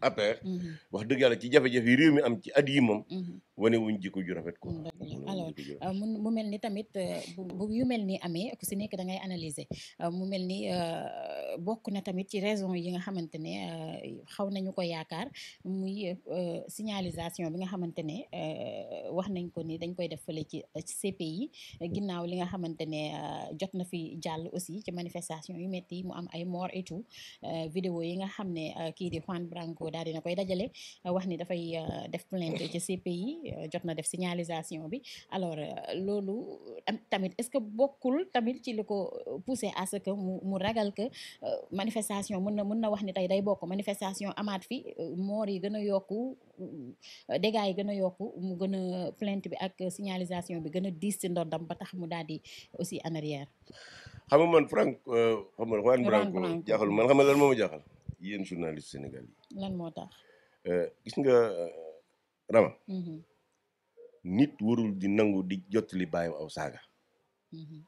APR. Mmh. wax dëgg yàlla ci jafe-jafe yi réew mi am ci at yi moom. Mmh. wuñ jikko ju rafet ko mmh, alors euh, mu mel ni tamit euh, bu yu mel ni amee ku si nekk da ngay analyser euh, mu mel ni bokk na tamit ci raison yi nga xamante ne xaw nañu ko yaakaar muy signalisation bi nga xamante ne wax nañ ko ni dañ koy def fële ci CPI ginnaaw li nga xamante ne jot na fi jàll aussi ci manifestation yu metti yi mu am ay mort et tout vidéo yi nga xam ne kii Sonko daal na koy dajale wax ni dafay euh, def plainte ci CPI euh, jot na def signalisation bi alors euh, loolu tamit est-ce que bokkul tamit ci li ko poussé à ce que mu mu ragal que manifestation mën na mën na wax ni tey day bokk manifestation amaat fi moor yi gën a yokku dégâts yi gën a yokku mu gën a plainte bi ak signalisation bi gën a diis ci dam ba tax mu daal di aussi en arrière. xam nga man man xam nga lan moo ma yéen journaliste Sénégal yi. Euh, nga euh, mm-hmm. nit warul di nangu di jottali bàyyam aw saaga. Mm-hmm.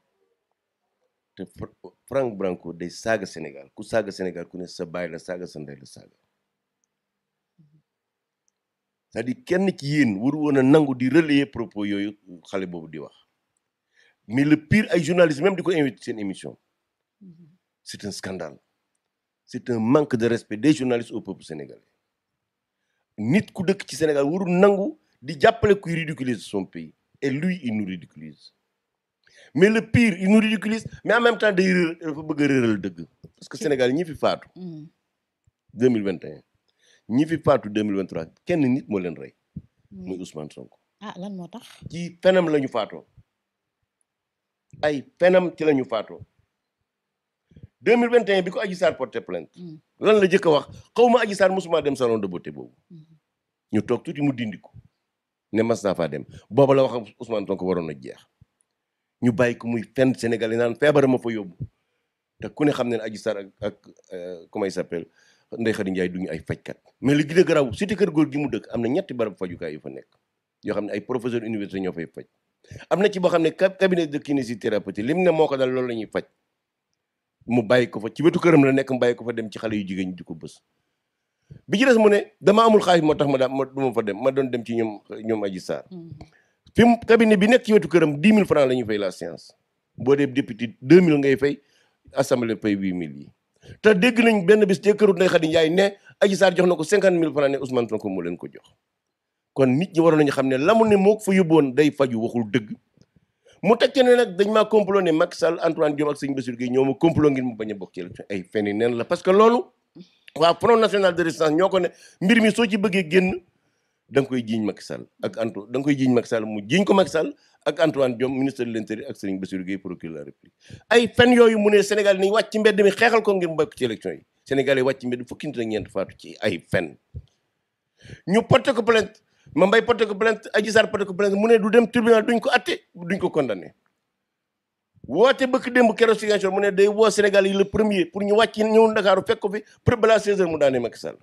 te Franck Branco day saaga Sénégal ku saaga Sénégal ku ne sa baay la saaga sa ndey la saaga. Mm-hmm. cest à kenn ci yéen waru a nangu di relayer propos yooyu xale boobu di wax mais le pire ay journalistes même di ko invité seen émission c'est un scandale c'est un manque de respect des journalistes au peuple sénégalais nit ku dëkk ci Sénégal warul nangu di jàppale kuy ridiculise son pays et lui il nous mais le pire il nous ridiculise mais en même temps day réer dafa bëgg a dëgg parce que Sénégal ñi fi faatu 2021 mm. ñi fi faatu 2023 kenn nit moo leen rey muy Ousmane Sonko ah lan moo tax ci fenam la faatoo ay fenam ki la ñu faatoo deux mille vingt et un bi ko Adji Sarr porté plainte mm. lan la jëkk a wax xaw ma Adji Sarr dem salon de beauté boobu mm-hmm. ñu toog tuuti mu dindi ko ne mas naa faa dem booba la wax ak Ousmane Sonko waroon a jeex ñu bàyyi ko muy fenn Sénégal yi naan feebar ma fa yóbbu te ku ne xam ne ne Adji ak ak euh, comment il s'appelle Ndeye Khady Ndiaye duñu ay fajkat mais li gën a kër góor gi mu dëkk am na ñetti barab fajukaay yu fa nekk yoo xam ne ay professeur université ñoo fay faj am na ci boo xam ne cabinet moo ko dal loolu la ñuy faj mu bàyyi ko fa ci wetu këram la nekk mu bàyyi ko fa dem ci xale yu jigéen ñi di ko bës bi ci des mu ne dama amul xaalis moo tax ma daa ma du fa dem ma doon dem ci ñoom ñoom Adji Sarr mm-hmm. fi mu cabinet bi nekk ci wetu këram dix mille francs la ñuy fay la séance boo dee député deux mille ngay fay assemblée fay huit mille yi te dégg nañ benn bis te këru Ndeye Khady Ndiaye ne Adji Sarr jox na ko cinquante mille francs ne Ousmane Sonko moo leen ko jox kon nit ñi waroon nañu xam ne la ne moo ko fa yóbboon day faju waxul dëgg mu teg ci ne nag dañ maa complot ne Macky Sall Antoine Diome ak sëñ Bassirou Guèye ñoo ma complot ngir mu bañ a bokk ci élection ay fen yi neen la parce que loolu waa ko ne mbir soo ci bëggee génn da koy jiiñ Macky Sall ak Anto da nga koy jiiñ Macky Sall mu jiiñ ko Macky Sall ak Antoine Diome ministre de l'intérieur ak sëñ Bassirou Guèye procureur ay fen yooyu mu ne Sénégal nañ wàcc ci mbedd mi xeexal ko ngir mu bokk ci élection yi Sénégal yi wàcc ci mbedd fukki nit ak ñeent faatu ci ay fen ñu porté ko plainte ma mbay porté ko plainte Adji Sarr porté ko plainte mu ne du dem tribunal duñ ko atte duñ ko condamné woote bëkk démb keroog Ziguinchor mu ne day woo Sénégal yi le premier pour ñu wàcc ñëw Ndakaaru fekk ko fi pour balaa 16 heures mu daanee Macky Sall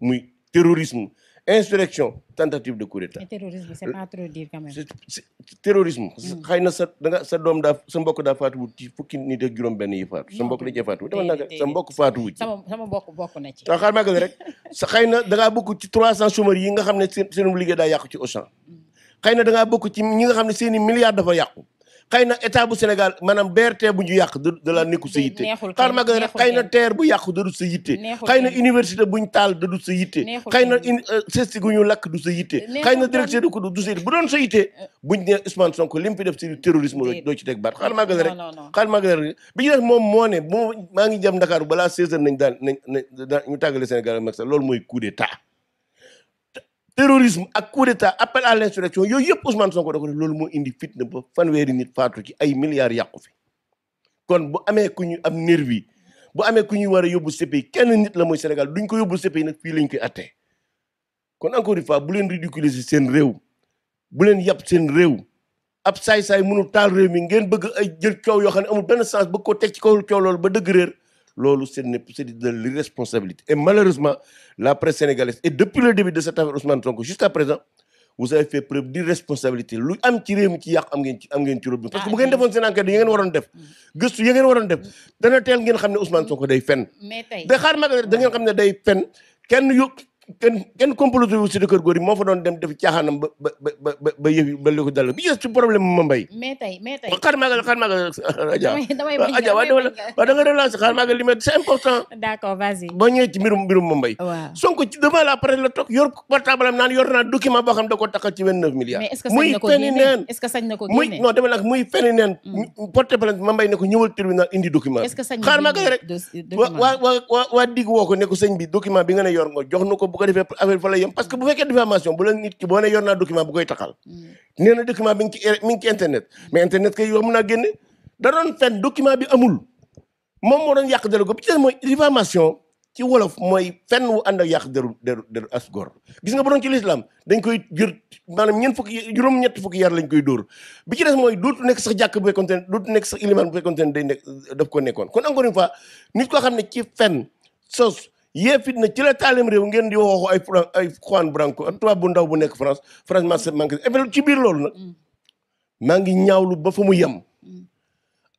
muy terrorisme insurrection tentative de coup d'état. terrorisme c'est pas trop dire quand même. terrorisme. Mm. xëy na sa da nga sa doom daa sa mbokk daa faatuwul ci fukki nit ak juróom-benn yi faatu. sa mbokk da cee faatuwul dama nag sa mbokk faatuwu ci. sama sama mbokk bokk na ci. waaw xaaral maa ngi rek sa xëy na da ngaa bokk ci 300 chômeurs yi nga xam ne seen seen liggéey daa yàqu ci Auchan. Mm. xëy na da ngaa bokk ci ñi nga xam ne seen i milliards dafa yàqu. xëy na état bu Sénégal maanaam BRT bu ñu yàq de la nekku sa yitte xaar mag rek xëy na TER bu yàqu da du sa yitte xëy na université buñ taal da sa yitte xëy na sesti euh, gu ñu lakk du sa yitte xëy na directeur de ko du sa yitte bu doon sa yitte euh. buñ ne Ousmane Sonko li mu fi def si terrorisme doo ci teg baat xaar mag rek xaar mag rek bi ñu def moom moo ne maa ngi jëm ndakaar balaa 16 heures nañ daal nañ ñu tàggale Sénégal ak Macky Sall mooy coup d'état terrorisme ak coup d'état appel à l'insurrection yooyu yëpp Ousmane Sonko da ko def loolu moo indi fitna ba fanweeri nit faatu ci ay milliards yàqu fi kon bu amee ku ñu am nervi bu amee ku ñuy war a yóbbu CPI kenn nit la mooy Sénégal duñ ko yóbbu CPI nag fii lañ koy atte kon encore une fois bu leen ridiculiser seen réew bu leen yàpp seen réew ab saay-saay mënul taal réew mi ngeen bëgg ay jël coow yoo xam ne amul benn sens bëgg ko teg ci kaw coow loolu ba dëgg réer loolu c'est de l'irresponsabilité et malheureusement la presse sénégalaise et depuis le début de cette affaire Ousmane Sonko jusqu'à présent vous avez fait preuve d'irresponsabilité lu am ci réew mi ci yàq am ngeen ci am ngeen ci rob parce que bu ngeen ah, defoon seen enquête yi ngeen waroon def mm-hmm. gëstu yi ngeen waroon def mm-hmm. dana teel ngeen xam ne Ousmane Sonko day fen da xaar ma da ngeen xam ne day fen kenn yóbbu kenn kenn si de kër góor moo fa doon dem def caaxaanam ba ba ba dal bi yës ci problème mu ma mbay. mais tey mais tey xaar maa ngi xaar maa important. boo ñëwee ci mbirum mbirum ma mbay. waaw Sonko la presse yor portable naan yor naa document boo xam da ko takkal ci 29 milliards. mais muy fenn neen. porte plainte ma ne ko ñëwal tribunal indi document. est-ce rek waa dig woo ne ko sëñ bi document bi nga ne yor nga jox nu ko bu ko defee affaire fa lay yem parce que bu fekkee diffamation bu la nit ki boo ne yor naa document bu koy taxal mm. nee na document bi ngi ci mi ngi fen document bi amul moom moo doon yàq deru ko bi ci ci wolof mooy fenn wu ànd ak yàq deru deru deru as góor gis nga bu doon ci lislaam dañ koy jër maanaam ñeent fukki juróom-ñett fukki yar lañ koy dóor bi ci rek mooy dootu nekk sax jàkk bu fekkonte ne dootu nekk sax ilimaan bu fekkonte ne day nekk daf ko nekkoon kon encore une nit koo xam ne ci fenn sos yee fitna ci la taalim réew ngeen di wooxu ay ay Juan Branco tubaab bu ndaw bu nekk France France marché manqué ci biir loolu nag mm. maa ngi ñaawlu ba fa mu yem mm.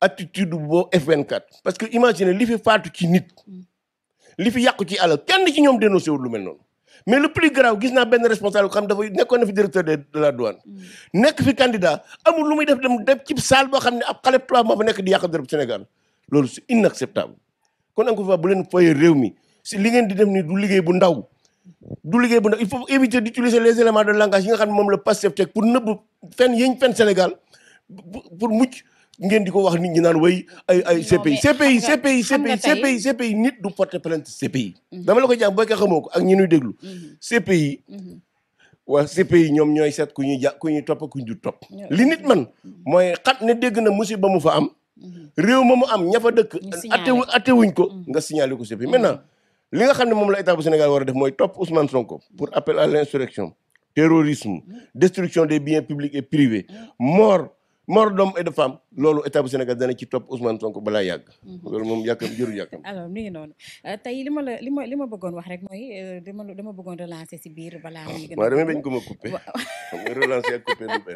attitude boo F24 parce que imaginez li fi faatu ci nit mm. li fi yàqu ci alal kenn ci ñoom dénoncé wul lu mel noonu mais le plus grave gis naa benn responsable xam dafa nekkoon na fi directeur de la douane nekk fi candidat amu lu muy def dem def ci salle boo xam ne ab xale tubaab moo nekk di yàq dërëb Sénégal loolu c'est inacceptable kon encore une fois bu leen foyee réew mi si li ngeen di dem ni du liggéey bu ndaw du liggéey bu ndaw il faut di d'utiliser les éléments de langage yi nga xam ne moom la Pastef teg pour nëbb fen yéen fen Sénégal pour mucc ngeen di ko wax nit ñi naan way ay ay CPI CPI CPI CPI nit du porter plainte CPI mhm. dama la ko jàng boykee xamoo ko ak ñi ñuy déglu mhm. CPI mhm. waa CPI ñoom ñooy seet ku ñuy ja ku ñuy topp ku ñu du topp li nit man mooy xat ne dégg na musiba mu fa am réew ma mu am ña fa dëkk atte attewuñ ko nga signalé ko CPI maintenant li nga xam ne moom la état bu Sénégal war a def mooy topp Ousmane Sonko pour appel à l'insurrection terrorisme destruction des biens publics et privés mort mort d'hommes et de femmes loolu état bu Sénégal dana ci topp Ousmane Sonko balaa yàgg. Mhm. loolu moom yàkkam jëru yàkkam. alors mi ngi noonu euh, tey li ma la li ma li ma bëggoon wax rek mooy euh, dama dama bëggoon relancer si biir balaa. muy gën a ah, waaw damay ko ma coupé xam nga coupé